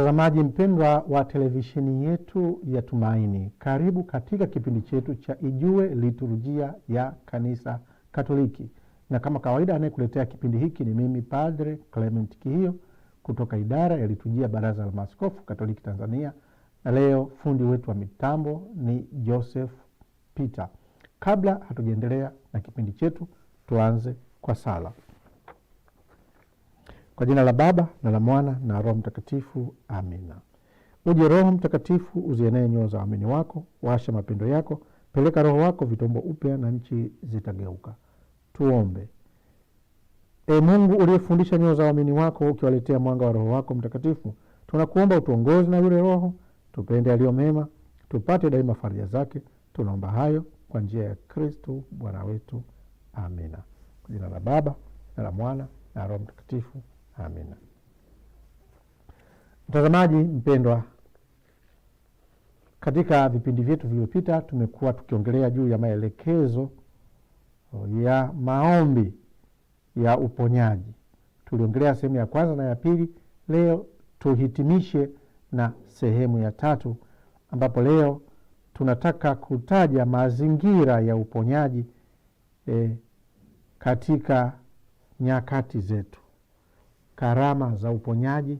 Mtazamaji mpendwa wa televisheni yetu ya Tumaini, karibu katika kipindi chetu cha Ijue Liturujia ya Kanisa Katoliki, na kama kawaida anayekuletea kipindi hiki ni mimi Padre Clement Kihio kutoka idara ya liturujia, Baraza la Maaskofu Katoliki Tanzania, na leo fundi wetu wa mitambo ni Joseph Peter. Kabla hatujaendelea na kipindi chetu, tuanze kwa sala. Kwa jina la Baba na la Mwana na Roho Mtakatifu, amina. Uje Roho Mtakatifu, uzienee nyoyo za waamini wako, waasha mapendo yako, peleka Roho wako, vitombo upya na nchi zitageuka. Tuombe. E Mungu uliyefundisha nyoyo za waamini wako ukiwaletea mwanga wa Roho wako Mtakatifu, tunakuomba utuongozi na yule Roho tupende aliyo mema, tupate daima faraja zake. Tunaomba hayo kwa njia ya Kristu Bwana wetu, amina. Kwa jina la Baba na la Mwana na Roho Mtakatifu. Amina. Mtazamaji mpendwa, katika vipindi vyetu vilivyopita tumekuwa tukiongelea juu ya maelekezo oh, ya maombi ya uponyaji. Tuliongelea sehemu ya kwanza na ya pili. Leo tuhitimishe na sehemu ya tatu, ambapo leo tunataka kutaja mazingira ya uponyaji eh, katika nyakati zetu karama za uponyaji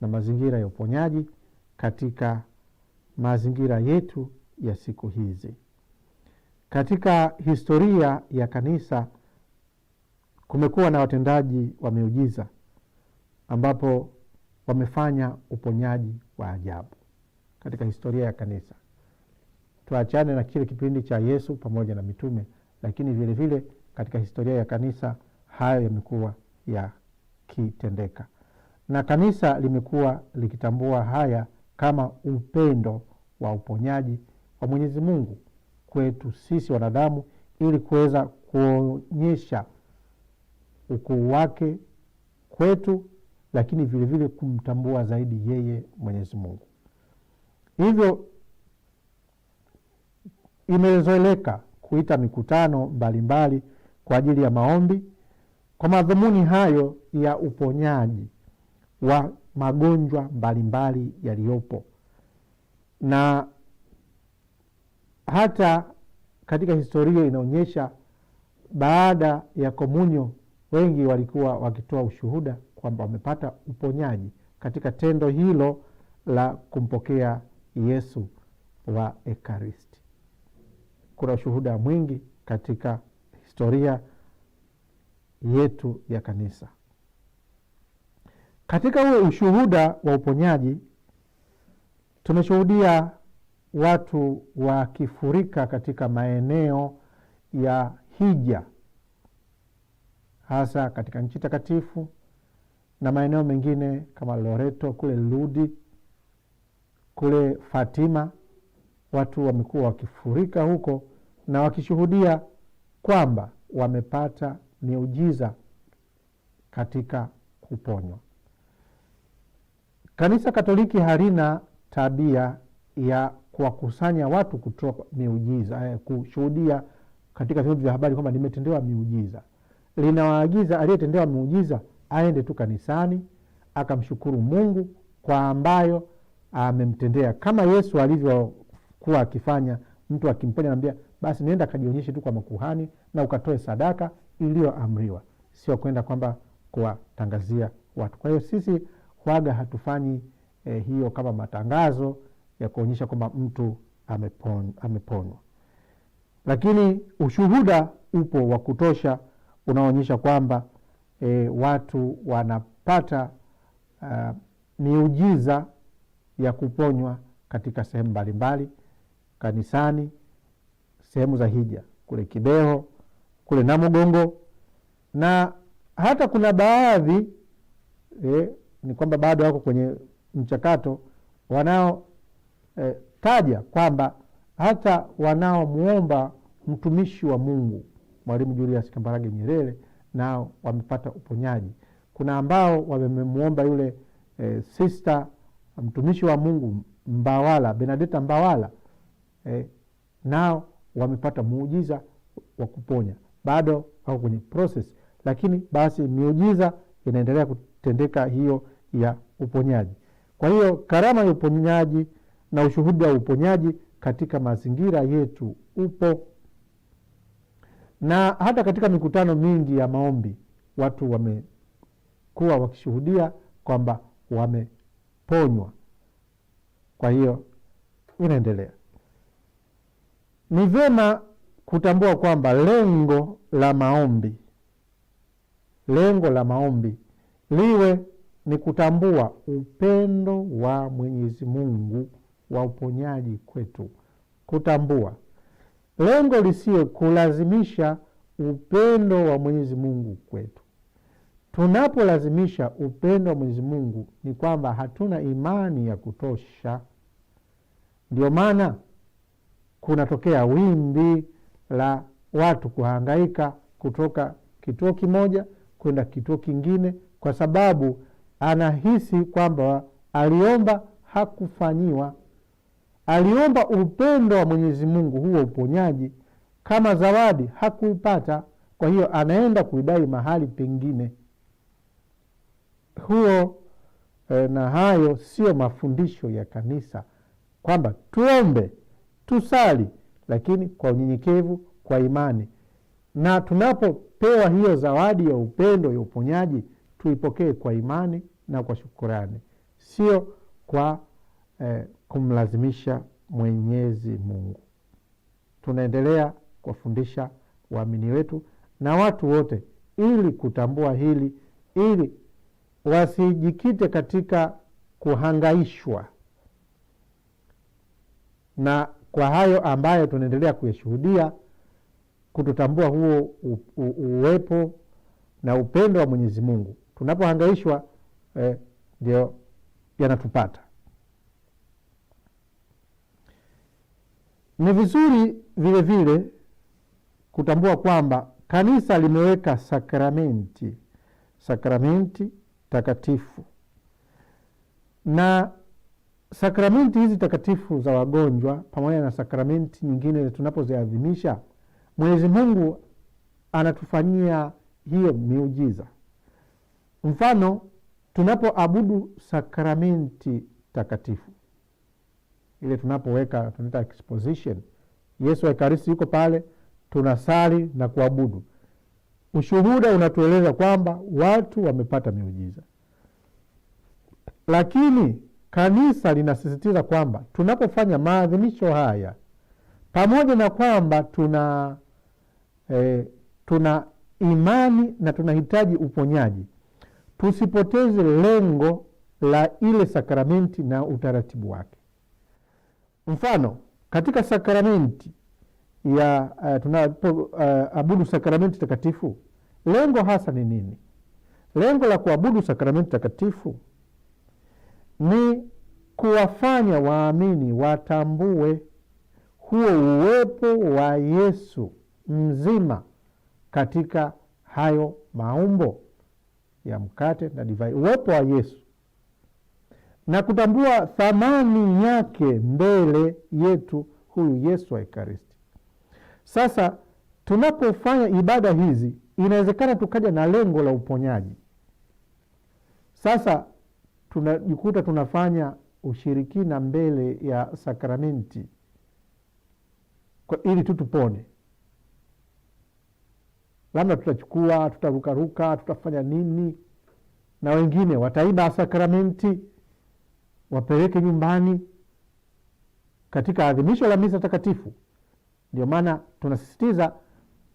na mazingira ya uponyaji katika mazingira yetu ya siku hizi. Katika historia ya kanisa kumekuwa na watendaji wa miujiza ambapo wamefanya uponyaji wa ajabu katika historia ya kanisa. Tuachane na kile kipindi cha Yesu pamoja na mitume, lakini vilevile vile katika historia ya kanisa hayo yamekuwa ya kitendeka, na kanisa limekuwa likitambua haya kama upendo wa uponyaji wa Mwenyezi Mungu kwetu sisi wanadamu ili kuweza kuonyesha ukuu wake kwetu, lakini vilevile vile kumtambua zaidi yeye Mwenyezi Mungu. Hivyo imezoeleka kuita mikutano mbalimbali mbali kwa ajili ya maombi kwa madhumuni hayo ya uponyaji wa magonjwa mbalimbali yaliyopo, na hata katika historia inaonyesha baada ya komunyo wengi walikuwa wakitoa ushuhuda kwamba wamepata uponyaji katika tendo hilo la kumpokea Yesu wa Ekaristi. Kuna ushuhuda mwingi katika historia yetu ya kanisa. Katika huo ushuhuda wa uponyaji tumeshuhudia watu wakifurika katika maeneo ya hija, hasa katika nchi takatifu na maeneo mengine kama Loreto kule Ludi kule Fatima. Watu wamekuwa wakifurika huko na wakishuhudia kwamba wamepata miujiza katika kuponywa. Kanisa Katoliki halina tabia ya kuwakusanya watu kutoa miujiza eh, kushuhudia katika vyombo vya habari kwamba nimetendewa miujiza. Linawaagiza aliyetendewa miujiza aende tu kanisani akamshukuru Mungu kwa ambayo amemtendea, kama Yesu alivyokuwa akifanya. Mtu akimponya anambia, basi nenda kajionyeshe tu kwa makuhani na ukatoe sadaka iliyoamriwa, sio kwenda kwamba kuwatangazia watu. Kwa hiyo sisi Kwaga hatufanyi eh, hiyo kama matangazo ya kuonyesha kwamba mtu ameponwa, lakini ushuhuda upo wa kutosha unaoonyesha kwamba e, watu wanapata uh, miujiza ya kuponywa katika sehemu mbalimbali, kanisani, sehemu za hija, kule Kibeho, kule Namugongo na hata kuna baadhi e, ni kwamba bado wako kwenye mchakato wanaotaja eh, kwamba hata wanaomwomba mtumishi wa Mungu Mwalimu Julius Kambarage Nyerere nao wamepata uponyaji. Kuna ambao wamemwomba yule e, eh, sista mtumishi wa Mungu Mbawala Benadeta Mbawala e, nao wamepata muujiza wa kuponya. Bado wako kwenye proses, lakini basi miujiza inaendelea kutendeka hiyo ya uponyaji. Kwa hiyo karama ya uponyaji na ushuhuda wa uponyaji katika mazingira yetu upo, na hata katika mikutano mingi ya maombi watu wamekuwa wakishuhudia kwamba wameponywa. Kwa hiyo inaendelea. Ni vyema kutambua kwamba lengo la maombi lengo la maombi liwe ni kutambua upendo wa Mwenyezi Mungu wa uponyaji kwetu. Kutambua lengo lisiyo kulazimisha upendo wa Mwenyezi Mungu kwetu. Tunapolazimisha upendo wa Mwenyezi Mungu ni kwamba hatuna imani ya kutosha. Ndio maana kunatokea wimbi la watu kuhangaika kutoka kituo kimoja kwenda kituo kingine, kwa sababu anahisi kwamba aliomba hakufanyiwa. Aliomba upendo wa Mwenyezi Mungu, huo uponyaji kama zawadi, hakuipata. Kwa hiyo anaenda kuidai mahali pengine huo. E, na hayo sio mafundisho ya kanisa kwamba tuombe, tusali, lakini kwa unyenyekevu, kwa imani, na tunapopewa hiyo zawadi ya upendo ya uponyaji tuipokee kwa imani na kwa shukurani, sio kwa eh, kumlazimisha Mwenyezi Mungu. Tunaendelea kuwafundisha waamini wetu na watu wote ili kutambua hili, ili wasijikite katika kuhangaishwa na kwa hayo ambayo tunaendelea kuyashuhudia, kututambua huo uwepo na upendo wa Mwenyezi Mungu. Tunapohangaishwa Eh, ndio eh, yanatupata. Ni vizuri vile vile kutambua kwamba kanisa limeweka sakramenti, sakramenti takatifu na sakramenti hizi takatifu za wagonjwa pamoja na sakramenti nyingine tunapoziadhimisha, Mwenyezi Mungu anatufanyia hiyo miujiza. Mfano, tunapoabudu sakramenti takatifu ile, tunapoweka tunaita exposition, Yesu wa Ekaristi yuko pale, tunasali na kuabudu. Ushuhuda unatueleza kwamba watu wamepata miujiza, lakini kanisa linasisitiza kwamba tunapofanya maadhimisho haya, pamoja na kwamba tuna eh, tuna imani na tunahitaji uponyaji tusipoteze lengo la ile sakramenti na utaratibu wake. Mfano, katika sakramenti ya uh, eh, tunapoabudu eh, uh, sakramenti takatifu, lengo hasa ni nini? Lengo la kuabudu sakramenti takatifu ni kuwafanya waamini watambue huo uwepo wa Yesu mzima katika hayo maumbo ya mkate na divai, uwepo wa Yesu na kutambua thamani yake mbele yetu, huyu Yesu wa Ekaristi. Sasa tunapofanya ibada hizi, inawezekana tukaja na lengo la uponyaji. Sasa tunajikuta tunafanya ushirikina mbele ya sakramenti ili tu tupone labda tutachukua, tutarukaruka, tutafanya nini, na wengine wataiba sakramenti wapeleke nyumbani katika adhimisho la misa takatifu. Ndio maana tunasisitiza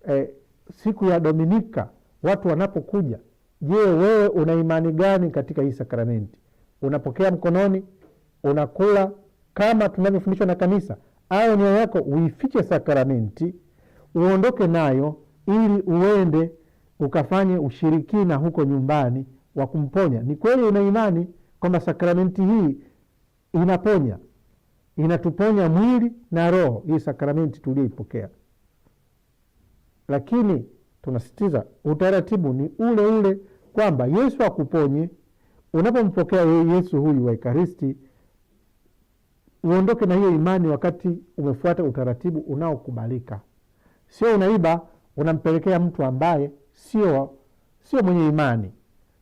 eh, siku ya Dominika watu wanapokuja, je, wewe una imani gani katika hii sakramenti? Unapokea mkononi, unakula kama tunavyofundishwa na kanisa, au nio yako uifiche sakramenti uondoke nayo ili uende ukafanye ushirikina huko nyumbani wa kumponya. Ni kweli una imani kwamba sakramenti hii inaponya, inatuponya mwili na roho, hii sakramenti tuliyoipokea, lakini tunasisitiza utaratibu ni ule ule, kwamba Yesu akuponye. Unapompokea Yesu huyu wa Ekaristi, uondoke na hiyo imani wakati umefuata utaratibu unaokubalika, sio unaiba unampelekea mtu ambaye sio sio mwenye imani,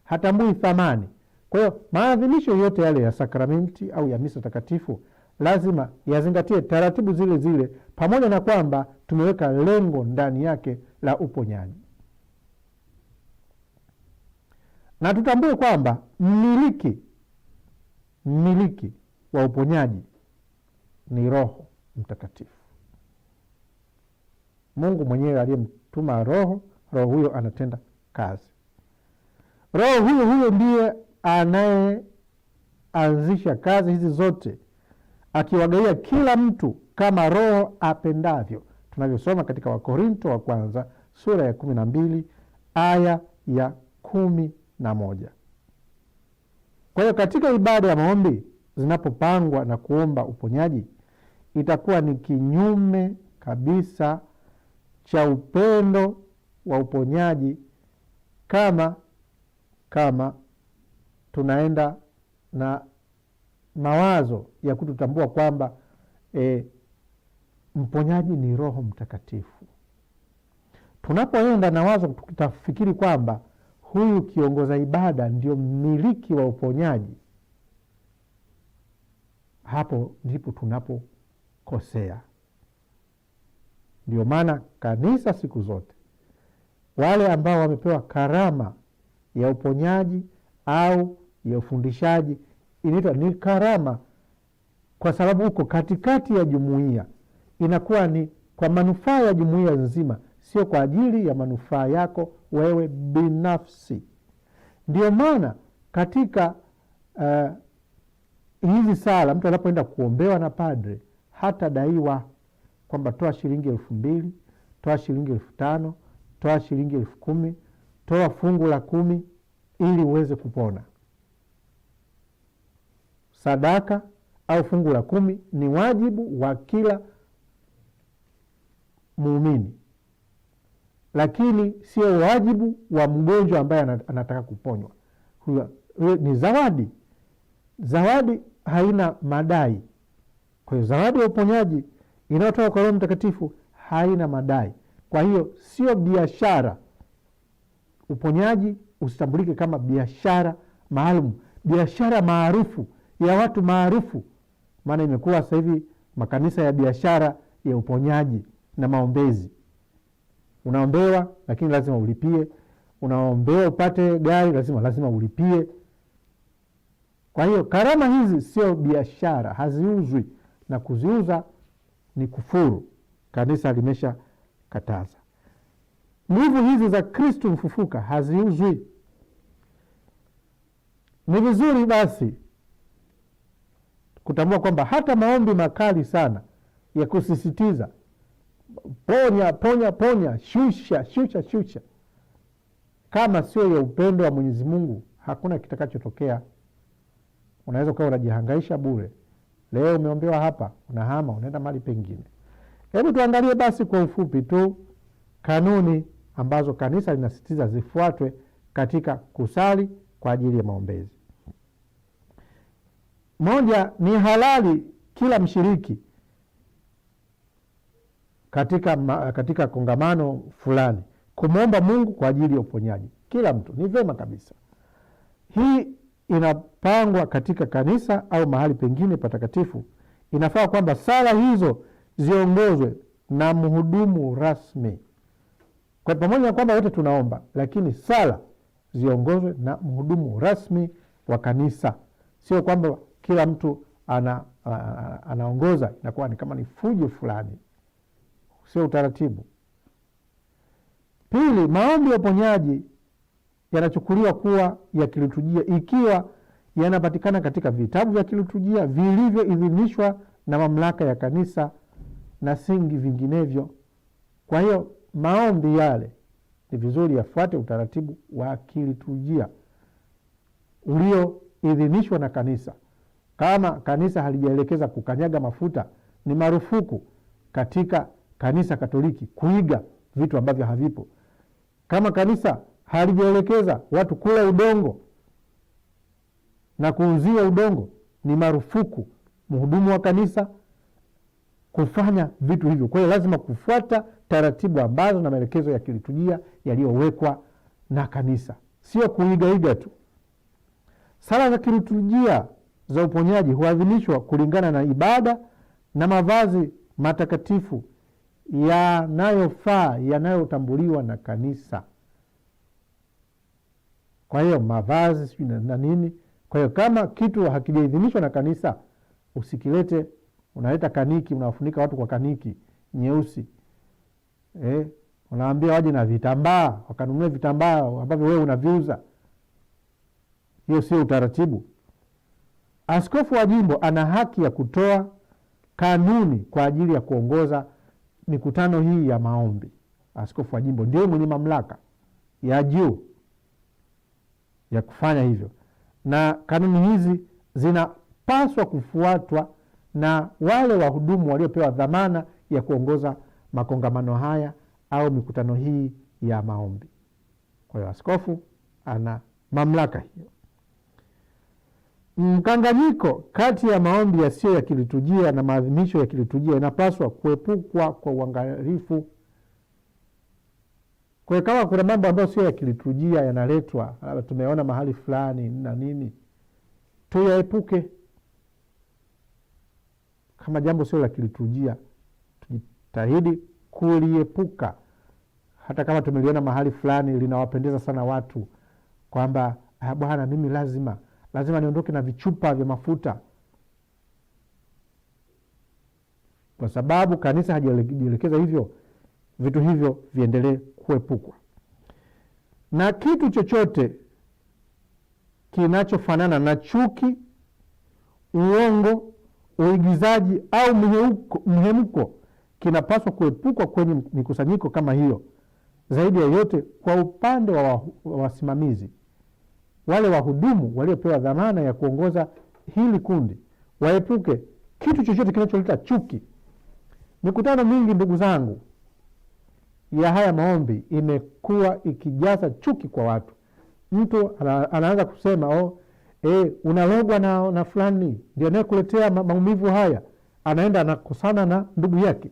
hatambui thamani. Kwa hiyo maadhimisho yote yale ya sakramenti au ya misa takatifu lazima yazingatie taratibu zile zile, pamoja na kwamba tumeweka lengo ndani yake la uponyaji, na tutambue kwamba mmiliki mmiliki wa uponyaji ni Roho Mtakatifu, Mungu mwenyewe aliye tuma Roho, Roho huyo anatenda kazi. Roho huyo huyo ndiye anayeanzisha kazi hizi zote, akiwagawia kila mtu kama Roho apendavyo, tunavyosoma katika Wakorinto wa kwanza sura ya kumi na mbili aya ya kumi na moja. Kwa hiyo katika ibada ya maombi zinapopangwa na kuomba uponyaji itakuwa ni kinyume kabisa cha upendo wa uponyaji kama kama tunaenda na mawazo ya kututambua kwamba e, mponyaji ni Roho Mtakatifu. Tunapoenda na wazo tutafikiri kwamba huyu kiongoza ibada ndio mmiliki wa uponyaji, hapo ndipo tunapokosea. Ndio maana kanisa siku zote wale ambao wamepewa karama ya uponyaji au ya ufundishaji inaitwa ni karama, kwa sababu huko katikati ya jumuiya inakuwa ni kwa manufaa ya jumuiya nzima, sio kwa ajili ya manufaa yako wewe binafsi. Ndio maana katika uh, hizi sala mtu anapoenda kuombewa na padre hata daiwa kwamba toa shilingi elfu mbili, toa shilingi elfu tano, toa shilingi elfu kumi, toa fungu la kumi ili uweze kupona. Sadaka au fungu la kumi ni wajibu wa kila muumini, lakini sio wajibu wa mgonjwa ambaye anataka kuponywa. Huyo ni zawadi. Zawadi haina madai. Kwa hiyo zawadi ya uponyaji inayotoka kwa Roho Mtakatifu haina madai. Kwa hiyo sio biashara. Uponyaji usitambulike kama biashara maalum, biashara maarufu ya watu maarufu, maana imekuwa sasa hivi makanisa ya biashara ya uponyaji na maombezi. Unaombewa lakini lazima ulipie, unaombewa upate gari lazima lazima ulipie. Kwa hiyo karama hizi sio biashara, haziuzwi na kuziuza ni kufuru, kanisa limesha kataza. Nguvu hizi za Kristu mfufuka haziuzwi. Ni vizuri basi kutambua kwamba hata maombi makali sana ya kusisitiza ponya, ponya, ponya, shusha, shusha, shusha, kama sio ya upendo wa Mwenyezi Mungu hakuna kitakachotokea. Unaweza ukawa unajihangaisha bure. Leo umeombewa hapa, unahama unaenda mali pengine. Hebu tuangalie basi kwa ufupi tu kanuni ambazo kanisa linasisitiza zifuatwe katika kusali kwa ajili ya maombezi. Moja, ni halali kila mshiriki katika, katika kongamano fulani kumwomba Mungu kwa ajili ya uponyaji. Kila mtu ni vyema kabisa hii inapangwa katika kanisa au mahali pengine patakatifu, inafaa kwamba sala hizo ziongozwe na mhudumu rasmi. Kwa pamoja na kwamba wote tunaomba, lakini sala ziongozwe na mhudumu rasmi wa kanisa, sio kwamba kila mtu ana, anaongoza inakuwa ni kama ni fujo fulani, sio utaratibu. Pili, maombi ya uponyaji yanachukuliwa kuwa ya kiliturujia ikiwa yanapatikana katika vitabu vya kiliturujia vilivyoidhinishwa na mamlaka ya kanisa na singi vinginevyo. Kwa hiyo maombi yale ni vizuri yafuate utaratibu wa kiliturujia ulioidhinishwa na kanisa. Kama kanisa halijaelekeza kukanyaga mafuta, ni marufuku katika kanisa Katoliki kuiga vitu ambavyo havipo. Kama kanisa halijaelekeza watu kula udongo na kuuziwa udongo, ni marufuku mhudumu wa kanisa kufanya vitu hivyo. Kwa hiyo lazima kufuata taratibu ambazo na maelekezo ya kiliturujia yaliyowekwa na kanisa, sio kuigaiga tu. Sala za kiliturujia za uponyaji huadhimishwa kulingana na ibada na mavazi matakatifu yanayofaa yanayotambuliwa na kanisa kwa hiyo mavazi sijui na nini. Kwa hiyo kama kitu hakijaidhinishwa na kanisa usikilete. Unaleta kaniki, unawafunika watu kwa kaniki nyeusi eh, unaambia waje na vitambaa, wakanunua vitambaa ambavyo wewe unaviuza. Hiyo sio utaratibu. Askofu wa jimbo ana haki ya kutoa kanuni kwa ajili ya kuongoza mikutano hii ya maombi. Askofu wa jimbo ndio mwenye mamlaka ya juu ya kufanya hivyo, na kanuni hizi zinapaswa kufuatwa na wale wahudumu waliopewa dhamana ya kuongoza makongamano haya au mikutano hii ya maombi. Kwa hiyo askofu ana mamlaka hiyo. Mkanganyiko kati ya maombi yasiyo ya kilitujia na maadhimisho ya kilitujia inapaswa kuepukwa kwa uangalifu kwa hiyo kama kuna mambo ambayo sio ya kiliturujia yanaletwa, labda tumeona mahali fulani na nini, tuyaepuke. Kama jambo sio la kiliturujia, tujitahidi kuliepuka. Hata kama tumeliona mahali fulani linawapendeza sana watu, kwamba ah, bwana, mimi lazima lazima niondoke na vichupa vya mafuta, kwa sababu kanisa hajajielekeza hivyo, vitu hivyo viendelee kuepukwa na kitu chochote kinachofanana na chuki, uongo, uigizaji au mhemko kinapaswa kuepukwa kwenye mikusanyiko kama hiyo. Zaidi ya yote, kwa upande wa wasimamizi, wale wahudumu waliopewa dhamana ya kuongoza hili kundi waepuke kitu chochote kinacholeta chuki. Mikutano mingi, ndugu zangu, ya haya maombi imekuwa ikijaza chuki kwa watu. Mtu ana, anaanza kusema oh, e, unalogwa na, na fulani ndio anayekuletea maumivu haya. Anaenda anakosana na ndugu yake.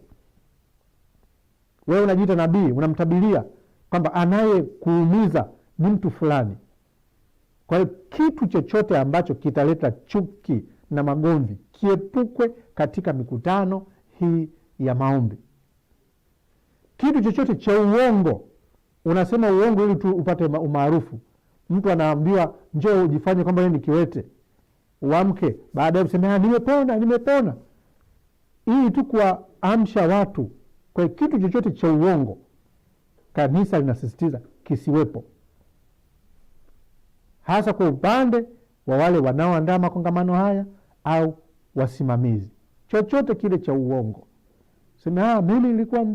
Wewe unajiita nabii, unamtabilia kwamba anayekuumiza ni mtu fulani. Kwa hiyo kitu chochote ambacho kitaleta chuki na magomvi kiepukwe katika mikutano hii ya maombi kitu chochote cha uongo, unasema uongo ili tu upate umaarufu. Mtu anaambiwa njo ujifanye kwamba ni kiwete, uamke baadaye useme ah, nimepona, nimepona, ili tu kuwaamsha watu. Kwa kitu chochote cha uongo, kanisa linasisitiza kisiwepo, hasa kwa upande wa wale wanaoandaa makongamano haya au wasimamizi. Chochote kile cha uongo, sema ah, mimi nilikuwa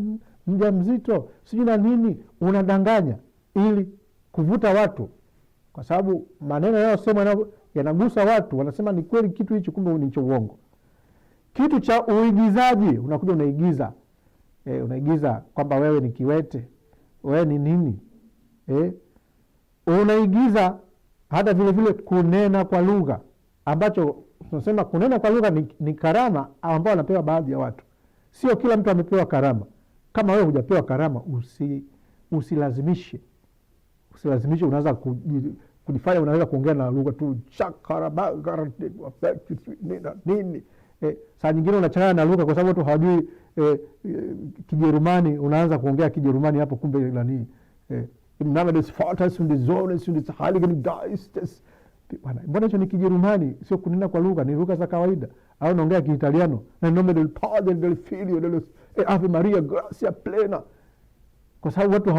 mja mzito sijui na nini, unadanganya ili kuvuta watu, kwa sababu maneno yanayosema yanagusa watu, wanasema ni kweli kitu hichi kumbe nicho uongo. Kitu cha uigizaji, unakuja unaigiza e, unaigiza kwamba wewe ni kiwete, wewe ni nini e, unaigiza hata vilevile kunena kwa lugha ambacho tunasema kunena kwa lugha ni, ni karama ambayo anapewa baadhi ya watu. Sio kila mtu amepewa karama. Kama wewe hujapewa karama, usi, usilazimishe usilazimishe. Unaweza kujifanya unaweza kuongea na lugha tu nini eh, saa nyingine unachangana na lugha kwa sababu watu hawajui eh, Kijerumani. Unaanza kuongea Kijerumani hapo, kumbe nanii eh, Mbona hicho ni Kijerumani? Sio kunena kwa lugha, ni lugha za kawaida. Au naongea Kiitaliano, del Padre del e Ave Maria gracia plena, kwa sababu watu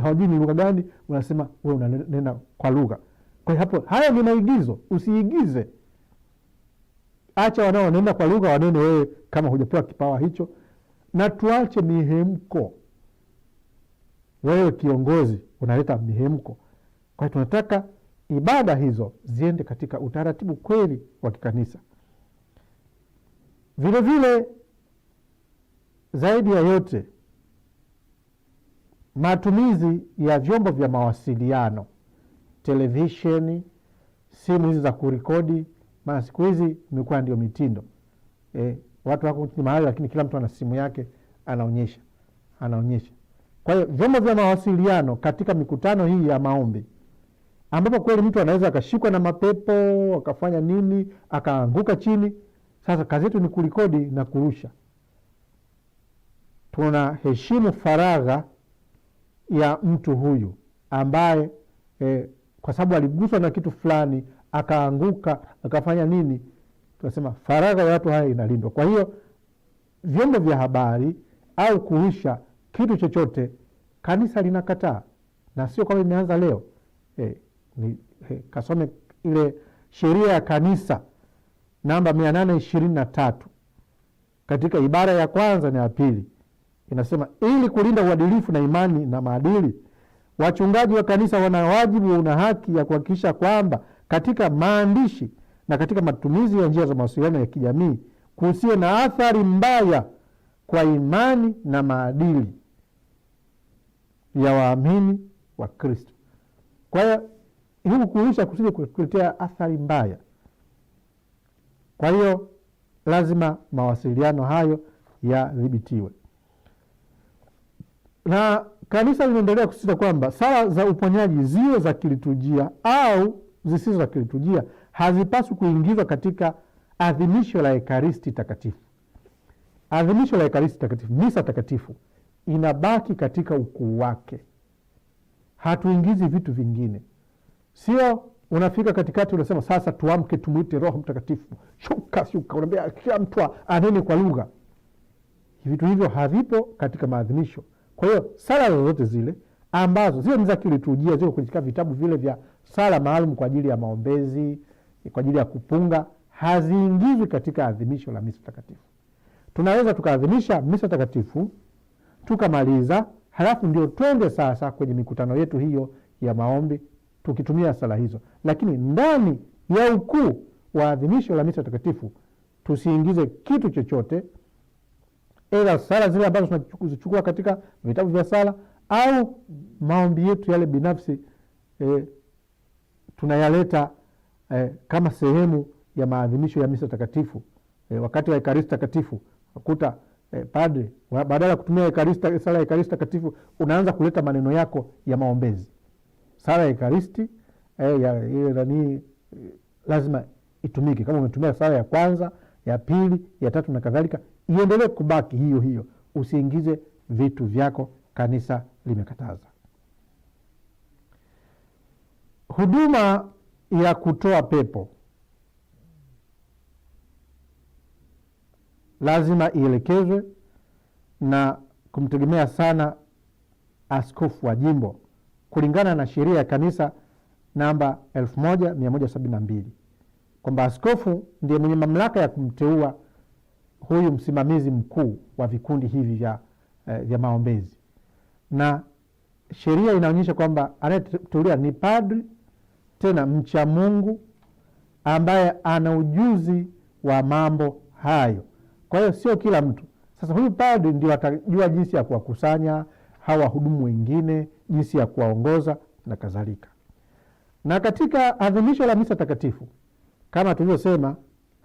hawajui ni lugha gani, unasema we unanena kwa lugha. kwao hapo, haya ni maigizo, usiigize. Acha wanaonena kwa lugha wanene, wewe kama hujapewa kipawa hicho, na tuache mihemko. Wewe kiongozi unaleta mihemko. Kwa hiyo tunataka ibada hizo ziende katika utaratibu kweli wa kikanisa. Vilevile zaidi ya yote, matumizi ya vyombo vya mawasiliano, televisheni, simu hizi za kurekodi, maana siku hizi imekuwa ndio mitindo e, watu wako mahali, lakini kila mtu ana simu yake, anaonyesha anaonyesha. Kwa hiyo vyombo vya mawasiliano katika mikutano hii ya maombi ambapo kweli mtu anaweza akashikwa na mapepo akafanya nini akaanguka chini. Sasa kazi yetu ni kurikodi na kurusha heshimu faragha ya mtu huyu ambaye e, kwa sababu aliguswa na kitu fulani akaanguka akafanya nini, tunasema faragha ya watu haya inalindwa. Kwa hiyo vyombo vya habari au kurusha kitu chochote, kanisa linakataa, na sio kwamba imeanza leo e, ni, eh, kasome ile sheria ya kanisa namba mia nane ishirini na tatu katika ibara ya kwanza na ya pili inasema ili kulinda uadilifu na imani na maadili, wachungaji wa kanisa wana wajibu, una haki ya kuhakikisha kwamba katika maandishi na katika matumizi ya njia za mawasiliano ya kijamii kusiwe na athari mbaya kwa imani na maadili ya waamini wa Kristo. Kwa hiyo hii kuisha kusije kuletea athari mbaya. Kwa hiyo lazima mawasiliano hayo yadhibitiwe na kanisa linaendelea kusisitiza kwamba sala za uponyaji ziwe za kiliturujia au zisizo za kiliturujia hazipaswi kuingizwa katika adhimisho la Ekaristi Takatifu. Adhimisho la Ekaristi Takatifu, misa takatifu inabaki katika ukuu wake, hatuingizi vitu vingine. Sio unafika katikati unasema sasa tuamke tumwite Roho Mtakatifu, shuka shuka, unaambia kila mtu anene kwa lugha. Vitu hivyo havipo katika maadhimisho. Kwa hiyo sala zozote zile ambazo zile ni za kiliturujia ziko katika vitabu vile vya sala maalum kwa ajili ya maombezi, kwa ajili ya kupunga, haziingizwi katika adhimisho la misa takatifu. Tunaweza tukaadhimisha misa takatifu tukamaliza, halafu ndio twende sasa kwenye mikutano yetu hiyo ya maombi tukitumia sala hizo, lakini ndani ya ukuu wa adhimisho la misa takatifu tusiingize kitu chochote Aidha sala zile ambazo tunazichukua katika vitabu vya sala au maombi yetu yale binafsi e, tunayaleta e, kama sehemu ya maadhimisho ya misa takatifu e, wakati wa ekaristi takatifu akuta e, padre badala ya kutumia sala ya ekaristi takatifu unaanza kuleta maneno yako ya maombezi. Sala ya ekaristi eh, ya lazima itumike kama umetumia sala ya kwanza, ya pili, ya tatu na kadhalika iendelee kubaki hiyo hiyo, usiingize vitu vyako. Kanisa limekataza huduma ya kutoa pepo, lazima ielekezwe na kumtegemea sana askofu wa jimbo kulingana na sheria ya kanisa namba 1172 kwamba askofu ndiye mwenye mamlaka ya kumteua huyu msimamizi mkuu wa vikundi hivi vya, eh, vya maombezi na sheria inaonyesha kwamba anayetulia ni padri tena mcha Mungu ambaye ana ujuzi wa mambo hayo. Kwa hiyo sio kila mtu. Sasa huyu padri ndio atajua jinsi ya kuwakusanya hawa wahudumu wengine, jinsi ya kuwaongoza na kadhalika. Na katika adhimisho la misa takatifu kama tulivyosema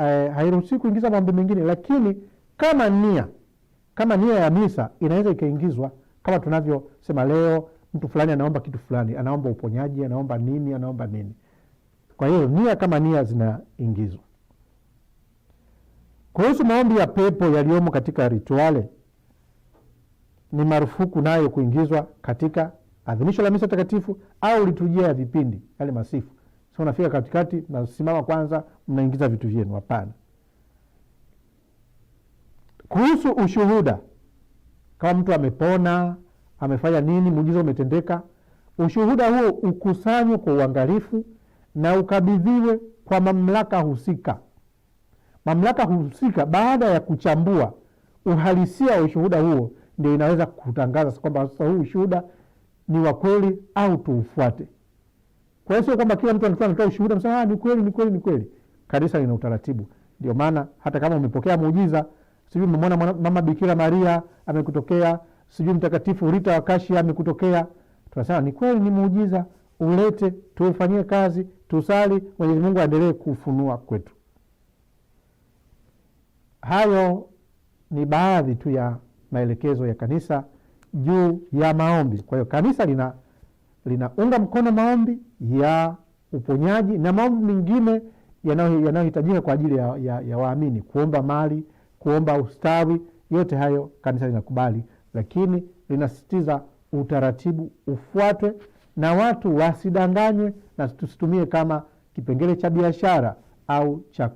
eh, hairuhusi kuingiza mambo mengine, lakini kama nia kama nia ya misa inaweza ikaingizwa, kama tunavyosema leo, mtu fulani anaomba kitu fulani, anaomba uponyaji, anaomba nini, anaomba nini. Kwa hiyo nia kama nia zinaingizwa. Kuhusu maombi ya pepo yaliyomo katika rituale, ni marufuku nayo kuingizwa katika adhimisho la misa takatifu au liturujia ya vipindi, yale masifu si unafika katikati, nasimama kwanza, mnaingiza vitu vyenu. Hapana. Kuhusu ushuhuda, kama mtu amepona, amefanya nini, muujiza umetendeka, ushuhuda huo ukusanywe kwa uangalifu na ukabidhiwe kwa mamlaka husika. Mamlaka husika baada ya kuchambua uhalisia wa ushuhuda huo, ndio inaweza kutangaza kwamba sasa huu ushuhuda ni wa kweli au tuufuate. Kwa hiyo sio kwamba kila mtu anatoa anatoa ushuhuda msema ah, ni kweli ni kweli ni kweli. Kanisa lina utaratibu. Ndio maana hata kama umepokea muujiza, sijui umemwona mama Bikira Maria amekutokea, sijui mtakatifu Rita wa Kashia amekutokea, tunasema ni kweli, ni muujiza, ulete tuufanyie kazi, tusali, Mwenyezi Mungu aendelee kufunua kwetu. Hayo ni baadhi tu ya maelekezo ya kanisa juu ya maombi. Kwa hiyo kanisa lina linaunga mkono maombi ya uponyaji na maombi mengine yanayohitajika kwa ajili ya, ya, ya waamini, kuomba mali, kuomba ustawi. Yote hayo kanisa linakubali, lakini linasisitiza utaratibu ufuatwe na watu wasidanganywe, na tusitumie kama kipengele cha biashara au cha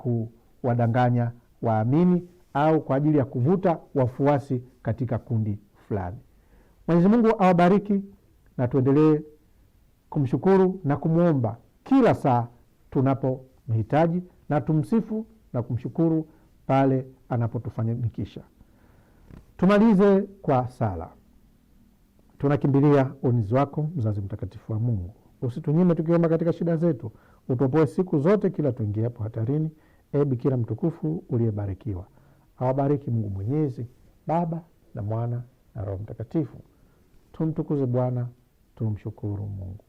kuwadanganya waamini au kwa ajili ya kuvuta wafuasi katika kundi fulani. Mwenyezi Mungu awabariki na tuendelee kumshukuru na kumwomba kila saa tunapomhitaji, na tumsifu na kumshukuru pale anapotufanikisha. Tumalize kwa sala. Tunakimbilia ulinzi wako, mzazi mtakatifu wa Mungu, usitunyime tukiomba katika shida zetu, utopoe siku zote kila tuingiapo hatarini. E Bikira mtukufu uliyebarikiwa, awabariki Mungu Mwenyezi, Baba na Mwana na Roho Mtakatifu. Tumtukuze Bwana, tumshukuru Mungu.